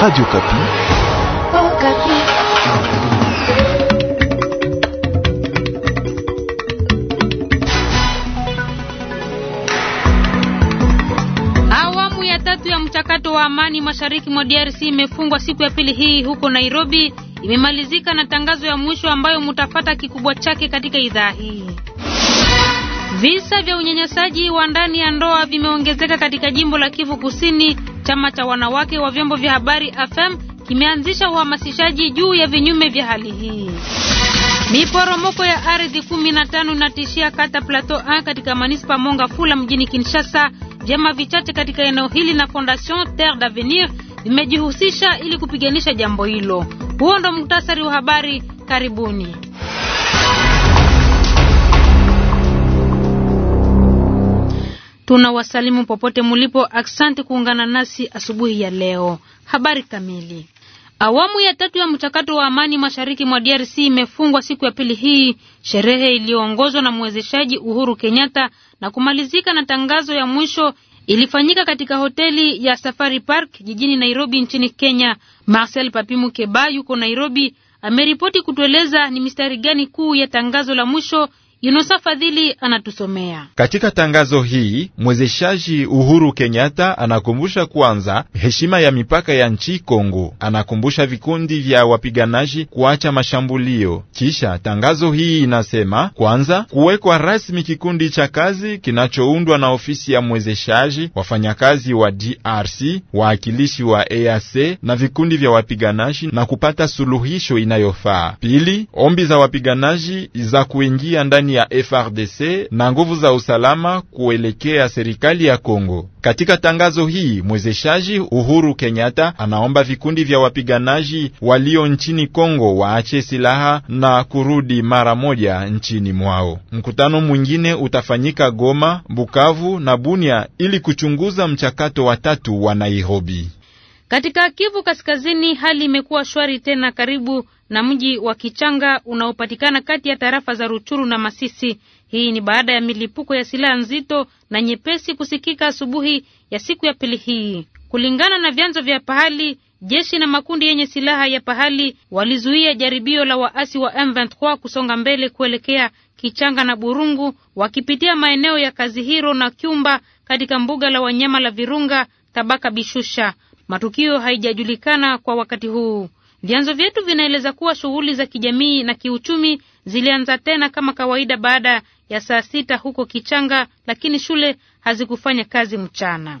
Radio Kapi. Oh, Kapi. Awamu ya tatu ya mchakato wa amani mashariki mwa DRC imefungwa siku ya pili hii huko Nairobi, imemalizika na tangazo ya mwisho ambayo mutafata kikubwa chake katika idhaa hii. Visa vya unyanyasaji wa ndani ya ndoa vimeongezeka katika jimbo la Kivu Kusini Chama cha wanawake wa vyombo vya habari AFEM kimeanzisha uhamasishaji juu ya vinyume vya hali hii. Miporomoko ya ardhi 15 inatishia kata Plateau A katika manispa Monga Fula mjini Kinshasa. Vyama vichache katika eneo hili na Fondation Terre d'Avenir vimejihusisha ili kupiganisha jambo hilo. Huo ndo muktasari wa habari. Karibuni. Tunawasalimu popote mulipo, asante kuungana nasi asubuhi ya leo. Habari kamili. Awamu ya tatu ya mchakato wa amani mashariki mwa DRC imefungwa siku ya pili hii, sherehe iliyoongozwa na mwezeshaji Uhuru Kenyatta na kumalizika na tangazo ya mwisho ilifanyika katika hoteli ya Safari Park jijini Nairobi nchini Kenya. Marcel Papimu Keba yuko Nairobi, ameripoti kutueleza ni mistari gani kuu ya tangazo la mwisho Yunusa Fadhili anatusomea. Katika tangazo hii, mwezeshaji Uhuru Kenyatta anakumbusha kwanza heshima ya mipaka ya nchi Kongo. Anakumbusha vikundi vya wapiganaji kuacha mashambulio. Kisha tangazo hii inasema kwanza, kuwekwa rasmi kikundi cha kazi kinachoundwa na ofisi ya mwezeshaji, wafanyakazi wa DRC, waakilishi wa EAC na vikundi vya wapiganaji na kupata suluhisho inayofaa. Pili, ombi za wapiganaji za kuingia ndani ndani ya FRDC na nguvu za usalama kuelekea serikali ya Kongo. Katika tangazo hii, mwezeshaji Uhuru Kenyatta anaomba vikundi vya wapiganaji walio nchini Kongo waache silaha na kurudi mara moja nchini mwao. Mkutano mwingine utafanyika Goma, Bukavu na Bunia ili kuchunguza mchakato wa tatu wa Nairobi. Katika Kivu Kaskazini hali imekuwa shwari tena karibu na mji wa Kichanga unaopatikana kati ya tarafa za Ruchuru na Masisi. Hii ni baada ya milipuko ya silaha nzito na nyepesi kusikika asubuhi ya siku ya pili hii. Kulingana na vyanzo vya pahali, jeshi na makundi yenye silaha ya pahali walizuia jaribio la waasi wa M23 kusonga mbele kuelekea Kichanga na Burungu, wakipitia maeneo ya Kazihiro na Kyumba katika mbuga la wanyama la Virunga, tabaka Bishusha. Matukio haijajulikana kwa wakati huu. Vyanzo vyetu vinaeleza kuwa shughuli za kijamii na kiuchumi zilianza tena kama kawaida baada ya saa sita huko Kichanga, lakini shule hazikufanya kazi mchana.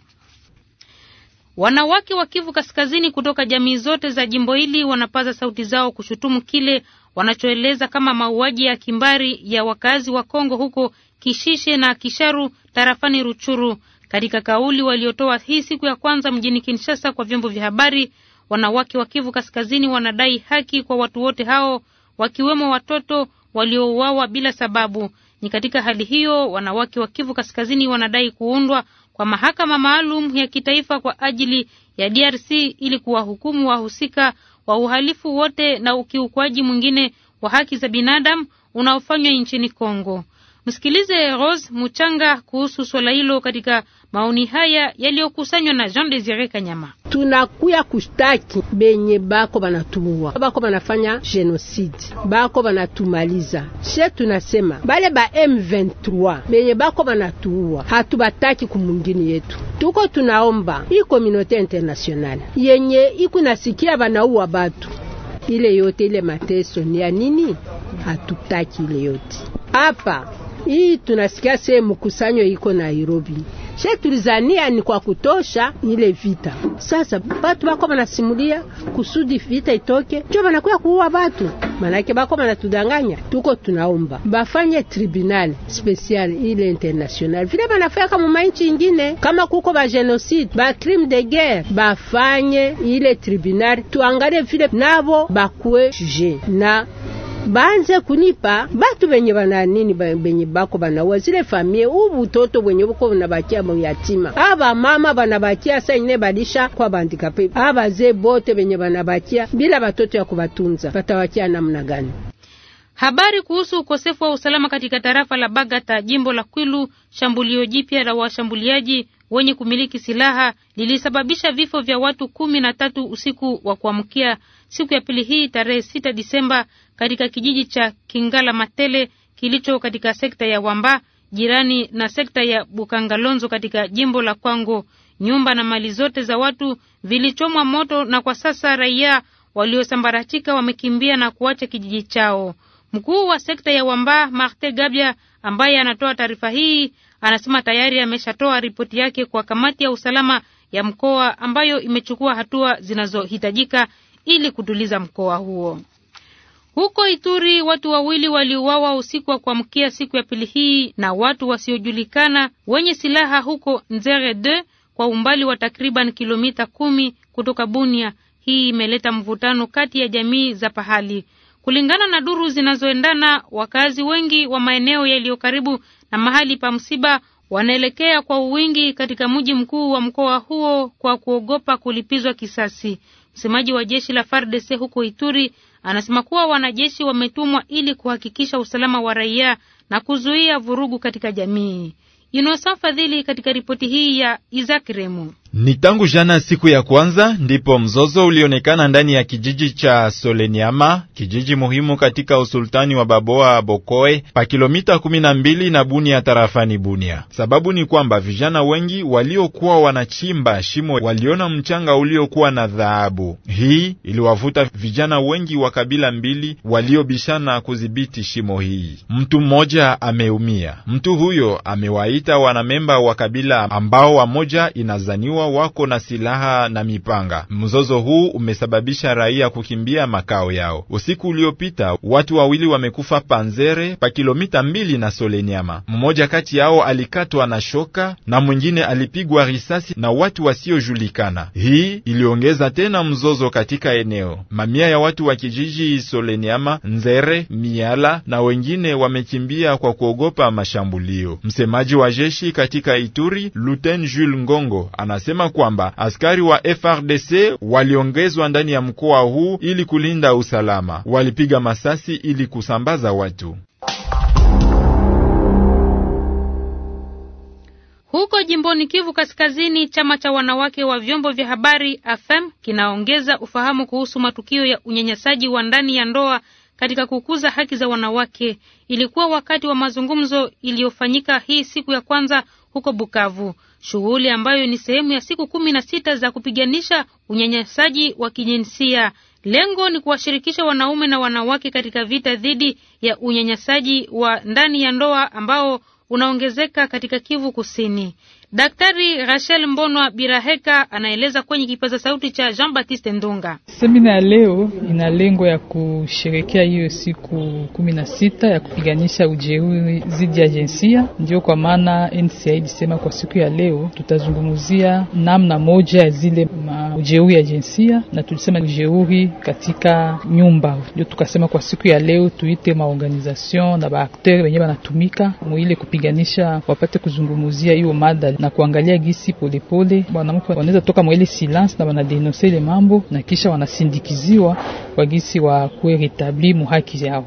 Wanawake wa Kivu Kaskazini kutoka jamii zote za jimbo hili wanapaza sauti zao kushutumu kile wanachoeleza kama mauaji ya kimbari ya wakazi wa Kongo huko Kishishe na Kisharu tarafani Ruchuru. Katika kauli waliotoa hii siku ya kwanza mjini Kinshasa kwa vyombo vya habari, Wanawake wa Kivu Kaskazini wanadai haki kwa watu wote hao, wakiwemo watoto waliouawa bila sababu. Ni katika hali hiyo, wanawake wa Kivu Kaskazini wanadai kuundwa kwa mahakama maalum ya kitaifa kwa ajili ya DRC ili kuwahukumu wahusika wa uhalifu wote na ukiukwaji mwingine wa haki za binadamu unaofanywa nchini Kongo. Msikilize Rose Muchanga kuhusu swala hilo katika Maoni haya yaliyokusanywa na Jean Desire Kanyama. Tunakuya kushtaki benye bako banatuua, bako banafanya genocide, bako banatumaliza. She tunasema bale ba M23 benye bako banatuua, hatubataki kumungini yetu. Tuko tunaomba hii komunote internationale yenye ikunasikia banauwa batu, ile yote ile mateso ni ya nini? Hatutaki ile yote hapa. Hii tunasikia sehemu kusanyo iko Nairobi sie tulizania ni kwa kutosha ile vita. Sasa batu bako banasimulia kusudi vita itoke, njo banakuya kuua batu, manake bako banatudanganya. Tuko tunaomba bafanye tribunal special ile international vile banafanya kama mainchi ingine, kama kuko ba genocide ba crime de guerre, bafanye ile tribunal, tuangalie vile nabo bakuwe juge na banze kunipa batu benye bana nini benye bako banaua zile famie toto bwenye buko unabakia muyatima aba mama banabakia saine badisha kwa bandika pe ze bote benye banabakia bila batoto ya kubatunza batawakia namna gani? Habari kuhusu ukosefu wa usalama katika tarafa la Bagata, jimbo la Kwilu, shambulio jipya la washambuliaji wenye kumiliki silaha lilisababisha vifo vya watu kumi na tatu usiku wa kuamkia siku ya pili hii tarehe sita Disemba katika kijiji cha Kingala Matele kilicho katika sekta ya Wamba jirani na sekta ya Bukangalonzo katika jimbo la Kwango. Nyumba na mali zote za watu vilichomwa moto na kwa sasa raia waliosambaratika wamekimbia na kuacha kijiji chao. Mkuu wa sekta ya Wamba Marte Gabya ambaye anatoa taarifa hii anasema tayari ameshatoa ripoti yake kwa kamati ya usalama ya mkoa ambayo imechukua hatua zinazohitajika ili kutuliza mkoa huo. Huko Ituri watu wawili waliuawa usiku wa kuamkia siku ya pili hii na watu wasiojulikana wenye silaha huko Nzere de kwa umbali wa takriban kilomita kumi kutoka Bunia. Hii imeleta mvutano kati ya jamii za pahali. Kulingana na duru zinazoendana, wakazi wengi wa maeneo yaliyo karibu na mahali pa msiba wanaelekea kwa uwingi katika mji mkuu wa mkoa huo kwa kuogopa kulipizwa kisasi. Msemaji wa jeshi la FARDC huko Ituri anasema kuwa wanajeshi wametumwa ili kuhakikisha usalama wa raia na kuzuia vurugu katika jamii. Inosa Fadhili katika ripoti hii ya Isaac Remo. Ni tangu jana siku ya kwanza ndipo mzozo ulionekana ndani ya kijiji cha Soleniama, kijiji muhimu katika usultani wa Baboa Bokoe, pa kilomita 12 na Bunia tarafani Bunia. Sababu ni kwamba vijana wengi waliokuwa wanachimba shimo waliona mchanga uliokuwa na dhahabu. Hii iliwavuta vijana wengi wa kabila mbili waliobishana kudhibiti shimo hii. Mtu mmoja ameumia. Mtu huyo amewaita wanamemba wa kabila ambao wamoja inazaniwa watuhumiwa wako na silaha na mipanga. Mzozo huu umesababisha raia kukimbia makao yao. Usiku uliopita watu wawili wamekufa Panzere pa kilomita mbili na Solenyama. Mmoja kati yao alikatwa na shoka na mwingine alipigwa risasi na watu wasiojulikana. Hii iliongeza tena mzozo katika eneo. Mamia ya watu wa kijiji Solenyama, Nzere, Miala na wengine wamekimbia kwa kuogopa mashambulio. Msemaji wa jeshi katika Ituri, Luten Jules Ngongo, anasema alisema kwamba askari wa FRDC waliongezwa ndani ya mkoa huu ili kulinda usalama. Walipiga masasi ili kusambaza watu. Huko jimboni Kivu Kaskazini, chama cha wanawake wa vyombo vya habari AFEM kinaongeza ufahamu kuhusu matukio ya unyanyasaji wa ndani ya ndoa katika kukuza haki za wanawake. Ilikuwa wakati wa mazungumzo iliyofanyika hii siku ya kwanza huko Bukavu, shughuli ambayo ni sehemu ya siku kumi na sita za kupiganisha unyanyasaji wa kijinsia. Lengo ni kuwashirikisha wanaume na wanawake katika vita dhidi ya unyanyasaji wa ndani ya ndoa ambao unaongezeka katika Kivu Kusini. Daktari Rachel Mbonwa Biraheka anaeleza kwenye kipaza sauti cha Jean Baptiste ndunga Semina ya leo ina lengo ya kusherekea hiyo siku kumi na sita ya kupiganisha ujeuri dhidi ya jinsia. Ndiyo kwa maana NCI ilisema kwa siku ya leo tutazungumzia namna moja ya zile ujeuri ya jinsia, na tulisema ujeuri katika nyumba. Ndio tukasema kwa siku ya leo tuite maorganization na baakteri wenyewe banatumika mwile kupiganisha wapate kuzungumzia hiyo mada na kuangalia gisi polepole wanamke wanaweza toka mwele silence na wanadenonse ile mambo na kisha wanasindikiziwa kwa gisi wa kueretabli muhaki yao.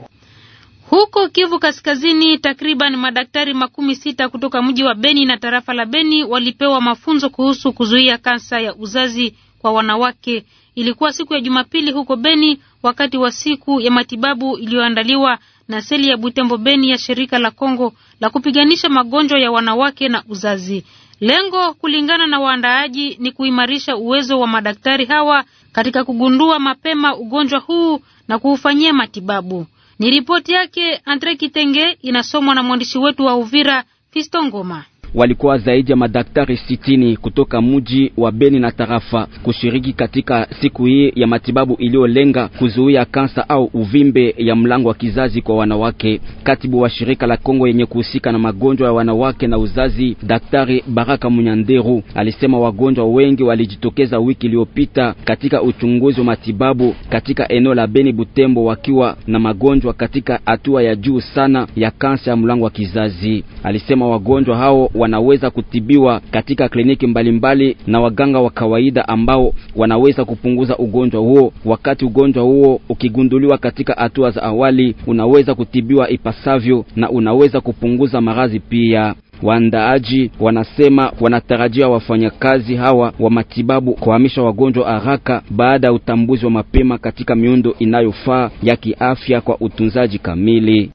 Huko Kivu Kaskazini, takriban madaktari makumi sita kutoka mji wa Beni na tarafa la Beni walipewa mafunzo kuhusu kuzuia kansa ya uzazi kwa wanawake. Ilikuwa siku ya Jumapili huko Beni wakati wa siku ya matibabu iliyoandaliwa na seli ya Butembo Beni ya shirika la Kongo la kupiganisha magonjwa ya wanawake na uzazi. Lengo kulingana na waandaaji ni kuimarisha uwezo wa madaktari hawa katika kugundua mapema ugonjwa huu na kuufanyia matibabu. Ni ripoti yake Andre Kitenge, inasomwa na mwandishi wetu wa Uvira Fisto Ngoma walikuwa zaidi ya madaktari sitini kutoka muji wa Beni na tarafa kushiriki katika siku hii ya matibabu iliyolenga kuzuia kansa au uvimbe ya mlango wa kizazi kwa wanawake. Katibu wa shirika la Kongo yenye kuhusika na magonjwa ya wanawake na uzazi, Daktari Baraka Munyanderu alisema wagonjwa wengi walijitokeza wiki iliyopita katika uchunguzi wa matibabu katika eneo la Beni Butembo, wakiwa na magonjwa katika hatua ya juu sana ya kansa ya mlango wa kizazi. Alisema wagonjwa hao wanaweza kutibiwa katika kliniki mbalimbali mbali na waganga wa kawaida ambao wanaweza kupunguza ugonjwa huo. Wakati ugonjwa huo ukigunduliwa katika hatua za awali, unaweza kutibiwa ipasavyo na unaweza kupunguza maradhi pia. Waandaaji wanasema wanatarajia wafanyakazi hawa wa matibabu kuhamisha wagonjwa haraka baada ya utambuzi wa mapema katika miundo inayofaa ya kiafya kwa utunzaji kamili.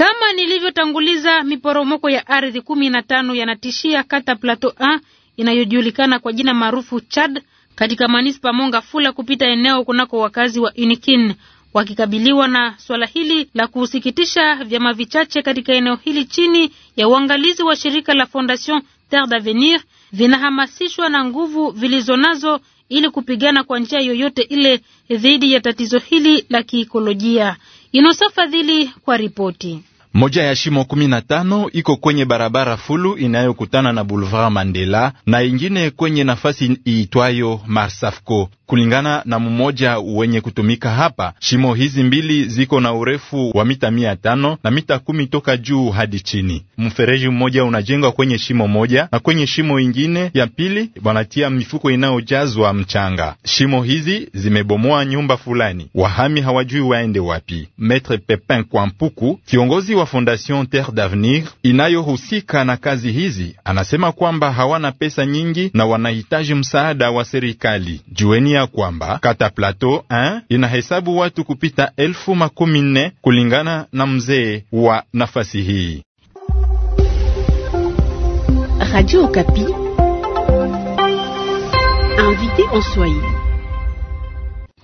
Kama nilivyotanguliza, miporomoko ya ardhi kumi na tano yanatishia kata Plateau A inayojulikana kwa jina maarufu Chad katika manispa monga fula kupita eneo kunako wakazi wa Inikin wakikabiliwa na swala hili la kusikitisha, vyama vichache katika eneo hili chini ya uangalizi wa shirika la Fondation Terre d'Avenir vinahamasishwa na nguvu vilizonazo ili kupigana kwa njia yoyote ile dhidi ya tatizo hili la kiikolojia. Inasafadhili kwa ripoti moja ya shimo 15 iko kwenye barabara fulu inayokutana na Boulevard Mandela na ingine kwenye nafasi iitwayo Marsafco. Kulingana na mmoja wenye kutumika hapa, shimo hizi mbili ziko na urefu wa mita mia tano na mita kumi toka juu hadi chini. Mfereji mmoja unajengwa kwenye shimo moja na kwenye shimo ingine ya pili wanatia mifuko inayojazwa mchanga. Shimo hizi zimebomoa nyumba fulani, wahami hawajui waende wapi. Maitre Pepin Kwampuku, kiongozi wa Fondation Terre d'Avenir inayohusika na kazi hizi anasema kwamba hawana pesa nyingi na wanahitaji msaada wa serikali. Jueni ya kwamba kata Plateau 1 inahesabu watu kupita elfu makumi nne kulingana na mzee wa nafasi hii. Radio Okapi, invité en Swahili.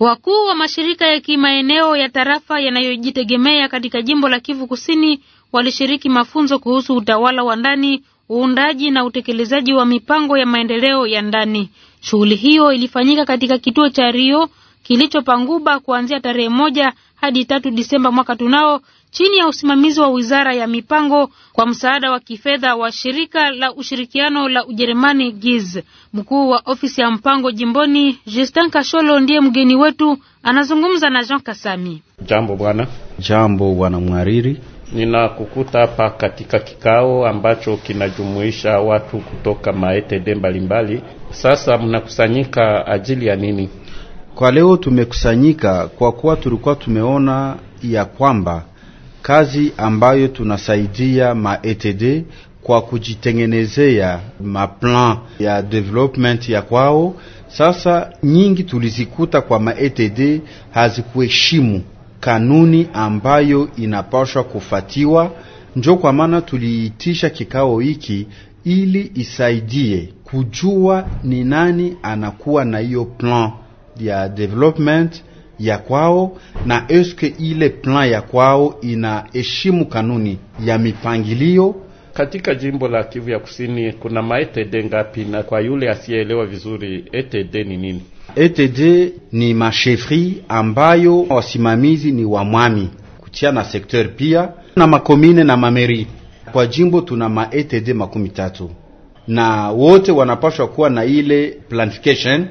Wakuu wa mashirika ya kimaeneo ya tarafa yanayojitegemea katika jimbo la Kivu Kusini walishiriki mafunzo kuhusu utawala wa ndani, uundaji na utekelezaji wa mipango ya maendeleo ya ndani. Shughuli hiyo ilifanyika katika kituo cha Rio kilichopanguba kuanzia tarehe moja hadi tatu Disemba mwaka tunao chini ya usimamizi wa Wizara ya Mipango kwa msaada wa kifedha wa shirika la ushirikiano la Ujerumani GIZ. Mkuu wa ofisi ya mpango jimboni Justin Kasholo ndiye mgeni wetu, anazungumza na Jean Kasami. Jambo bwana. Jambo bwana mhariri. Ninakukuta hapa katika kikao ambacho kinajumuisha watu kutoka maetede mbalimbali. Sasa mnakusanyika ajili ya nini? Kwa leo tumekusanyika kwa kuwa tulikuwa tumeona ya kwamba kazi ambayo tunasaidia ma ETD kwa kujitengenezea maplan ya development ya kwao, sasa nyingi tulizikuta kwa ma ETD hazikuheshimu kanuni ambayo inapashwa kufatiwa. Njo kwa maana tuliitisha kikao hiki ili isaidie kujua ni nani anakuwa na hiyo plan ya development ya kwao na eske ile plan ya kwao inaheshimu kanuni ya mipangilio katika jimbo la Kivu ya Kusini kuna maetd ngapi? Na kwa yule asiyeelewa vizuri, etd ni nini? Etd ni mashefri ambayo wasimamizi ni mwami kutia na sekteur pia na makomine na mameri. Kwa jimbo tuna maetd makumi tatu na wote wanapashwa kuwa na ile planification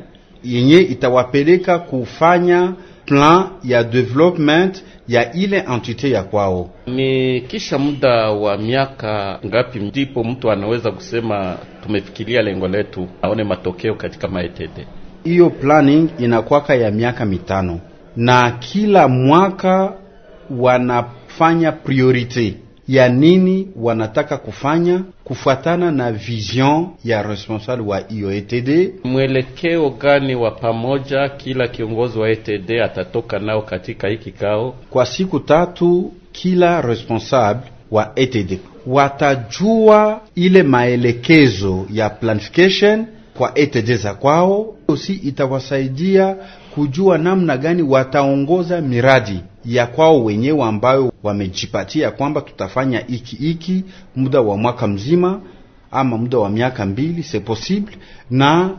yenye itawapeleka kufanya plan ya development ya ile entité ya kwao. Ni kisha muda wa miaka ngapi ndipo mtu anaweza kusema tumefikiria lengo letu, aone matokeo katika maetete? Hiyo planning inakwaka ya miaka mitano, na kila mwaka wanafanya priority ya nini wanataka kufanya kufuatana na vision ya responsable wa hiyo ETD. Mwelekeo gani wa pamoja kila kiongozi wa ETD atatoka nao katika hii kikao? Kwa siku tatu, kila responsable wa ETD watajua ile maelekezo ya planification kwa ETD za kwao, osi itawasaidia kujua namna gani wataongoza miradi ya kwao wenyewe ambayo wamejipatia kwamba tutafanya iki iki muda wa mwaka mzima ama muda wa miaka mbili, c'est possible, na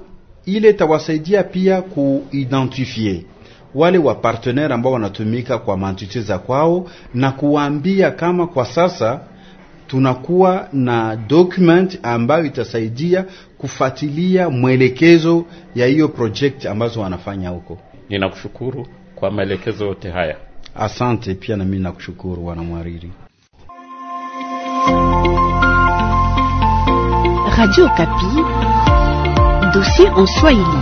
ile itawasaidia pia kuidentifie wale wa partenaire ambao wanatumika kwa mantite za kwao na kuwaambia kama kwa sasa tunakuwa na document ambayo itasaidia kufuatilia mwelekezo ya hiyo project ambazo wanafanya huko. Ninakushukuru kwa maelekezo yote haya, asante. Pia na mimi nakushukuru bwana mwariri. Radio Kapi, dossier en Swahili.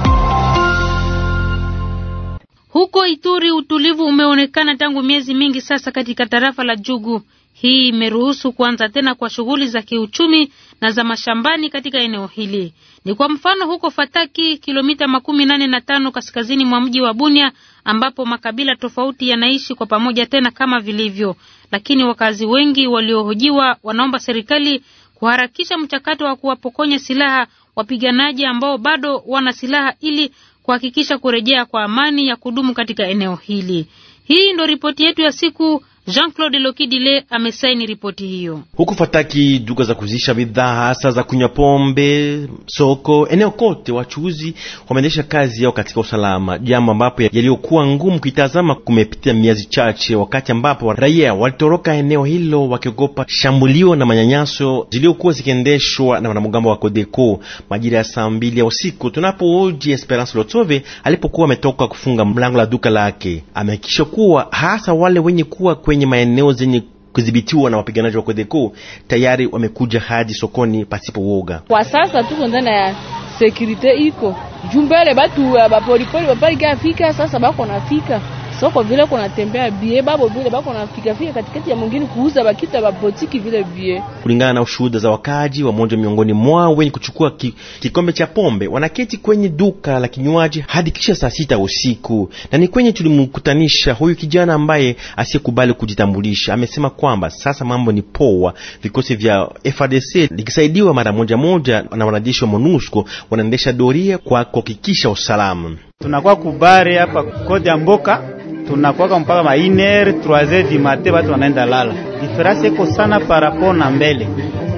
Huko Ituri utulivu umeonekana tangu miezi mingi sasa katika tarafa la Jugu. Hii imeruhusu kuanza tena kwa shughuli za kiuchumi na za mashambani katika eneo hili. Ni kwa mfano huko Fataki, kilomita makumi nane na tano kaskazini mwa mji wa Bunia, ambapo makabila tofauti yanaishi kwa pamoja tena kama vilivyo, lakini wakazi wengi waliohojiwa wanaomba serikali kuharakisha mchakato wa kuwapokonya silaha wapiganaji ambao bado wana silaha ili kuhakikisha kurejea kwa amani ya kudumu katika eneo hili. Hii ndo ripoti yetu ya siku. Jean-Claude Lokidile amesaini ripoti hiyo. Huku Fataki, duka za kuzisha bidhaa hasa za kunywa pombe, soko, eneo kote wachuuzi wameendesha kazi yao katika usalama, jambo ambapo yaliyokuwa ngumu kuitazama kumepitia miezi chache, wakati ambapo raia walitoroka eneo hilo wakiogopa shambulio na manyanyaso zilizokuwa zikiendeshwa na wanamgambo wa Kodeko majira ya saa mbili ya usiku, oji Esperance Lotove alipokuwa ametoka kufunga mlango la duka lake. Amehakikisha kuwa hasa wale wenye kuwa kwe kwenye maeneo zenye kudhibitiwa na wapiganaji wa Kodeko tayari wamekuja hadi sokoni pasipo woga. Kwa sasa tuko ndani ya sekurite iko jumbele batu bapolipoli bapalikafika sasa bako nafika soko vile kunatembea bie babo vile bako fika katikati ya mwingine kuuza bakita babotiki vile bie. Kulingana na ushuhuda za wakaji wa moja miongoni mwa wenye kuchukua ki, kikombe cha pombe wanaketi kwenye duka la kinywaji hadi kisha saa sita usiku, na ni kwenye tulimkutanisha huyu kijana ambaye asiyekubali kujitambulisha. Amesema kwamba sasa mambo ni poa, vikosi vya frdc likisaidiwa mara moja moja na wanajeshi wa MONUSCO wanaendesha doria kwa kuhakikisha usalama. Tunakuwa kubare hapa kodi ya mboka tunakwaka mpaka ma 1h 3h du matin batu wanaenda lala. Diferansi iko sana parapo na mbele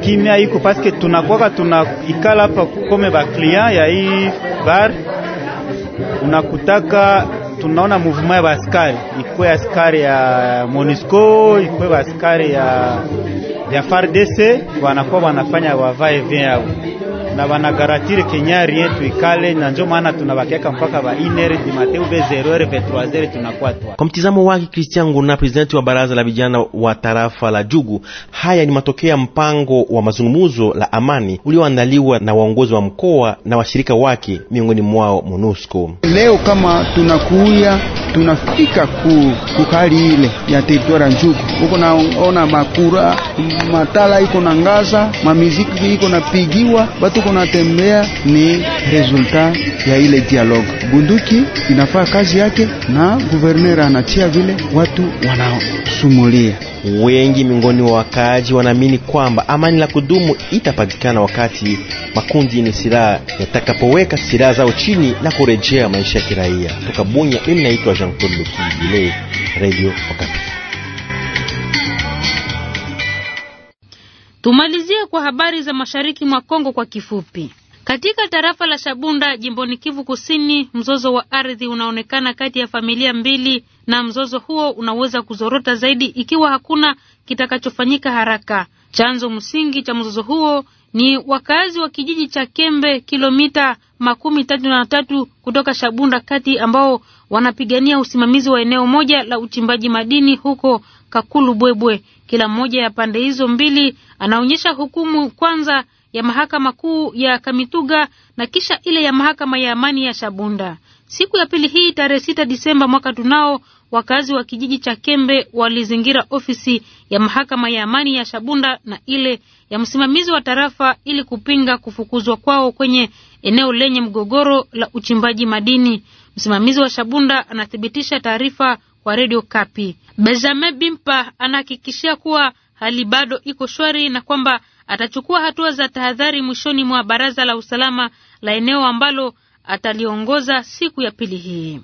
kimya iko paske tunakwaka tunaikala hapa kukome ba client ya hii bar, unakutaka tunaona mouvement ya baskari ikwe askari ya Monisco ikwe baskari ya ya FARDC wanakuwa wanafanya wavae vya na banagaratire Kenya yetu ikale, na ndio maana tunabakiaka mpaka ba inere di mateu be 0h 23 tunakuwa tu. Kwa mtizamo wake Christian Nguna, presidenti wa baraza la vijana wa tarafa la Jugu, haya ni matokeo ya mpango wa mazungumzo la amani ulioandaliwa na waongozi wa mkoa na washirika wake, miongoni mwao MONUSCO. Leo kama tunakuya tunafika ku kukali ile ya teritoria Njugu, uko naona makura matala iko na ngaza, mamiziki iko napigiwa watu tuko natembea ni rezulta ya ile dialogue. Bunduki inafaa kazi yake, na guverner anatia vile watu wanasumulia. Wengi miongoni wa wakaaji wanaamini kwamba amani la kudumu itapatikana wakati makundi yenye silaha yatakapoweka silaha zao chini na kurejea maisha ya kiraia. Toka Bunya, mimi naitwa Jean Claude Lokidile, Radio Okapi. Tumalizie kwa habari za mashariki mwa Kongo kwa kifupi. Katika tarafa la Shabunda jimboni Kivu Kusini, mzozo wa ardhi unaonekana kati ya familia mbili, na mzozo huo unaweza kuzorota zaidi ikiwa hakuna kitakachofanyika haraka. Chanzo msingi cha mzozo huo ni wakazi wa kijiji cha Kembe, kilomita makumi tatu na tatu kutoka Shabunda kati, ambao wanapigania usimamizi wa eneo moja la uchimbaji madini huko Kakulu Bwebwe. Kila mmoja ya pande hizo mbili anaonyesha hukumu kwanza ya mahakama kuu ya Kamituga na kisha ile ya mahakama ya amani ya Shabunda. Siku ya pili hii tarehe sita Disemba mwaka tunao, wakazi wa kijiji cha Kembe walizingira ofisi ya mahakama ya amani ya Shabunda na ile ya msimamizi wa tarafa ili kupinga kufukuzwa kwao kwenye eneo lenye mgogoro la uchimbaji madini. Msimamizi wa Shabunda anathibitisha taarifa wa Radio Kapi. Benjamin Bimpa anahakikishia kuwa hali bado iko shwari na kwamba atachukua hatua za tahadhari mwishoni mwa baraza la usalama la eneo ambalo ataliongoza siku ya pili hii.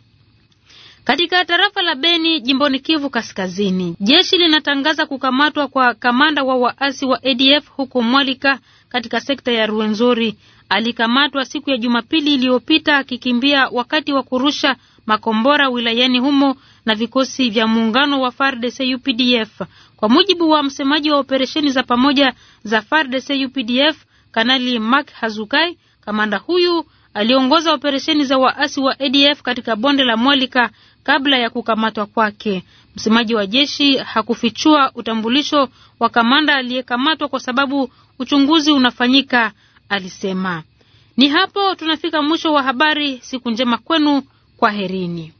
Katika tarafa la Beni jimboni Kivu Kaskazini, jeshi linatangaza kukamatwa kwa kamanda wa waasi wa ADF huko Mwalika katika sekta ya Ruwenzori. Alikamatwa siku ya Jumapili iliyopita akikimbia wakati wa kurusha makombora wilayani humo na vikosi vya muungano wa FARDC UPDF, kwa mujibu wa msemaji wa operesheni za pamoja za FARDC UPDF, Kanali Mark Hazukai. Kamanda huyu aliongoza operesheni za waasi wa ADF katika bonde la Mwalika kabla ya kukamatwa kwake. Msemaji wa jeshi hakufichua utambulisho wa kamanda aliyekamatwa kwa sababu uchunguzi unafanyika, alisema. Ni hapo tunafika mwisho wa habari. Siku njema kwenu. Kwaherini.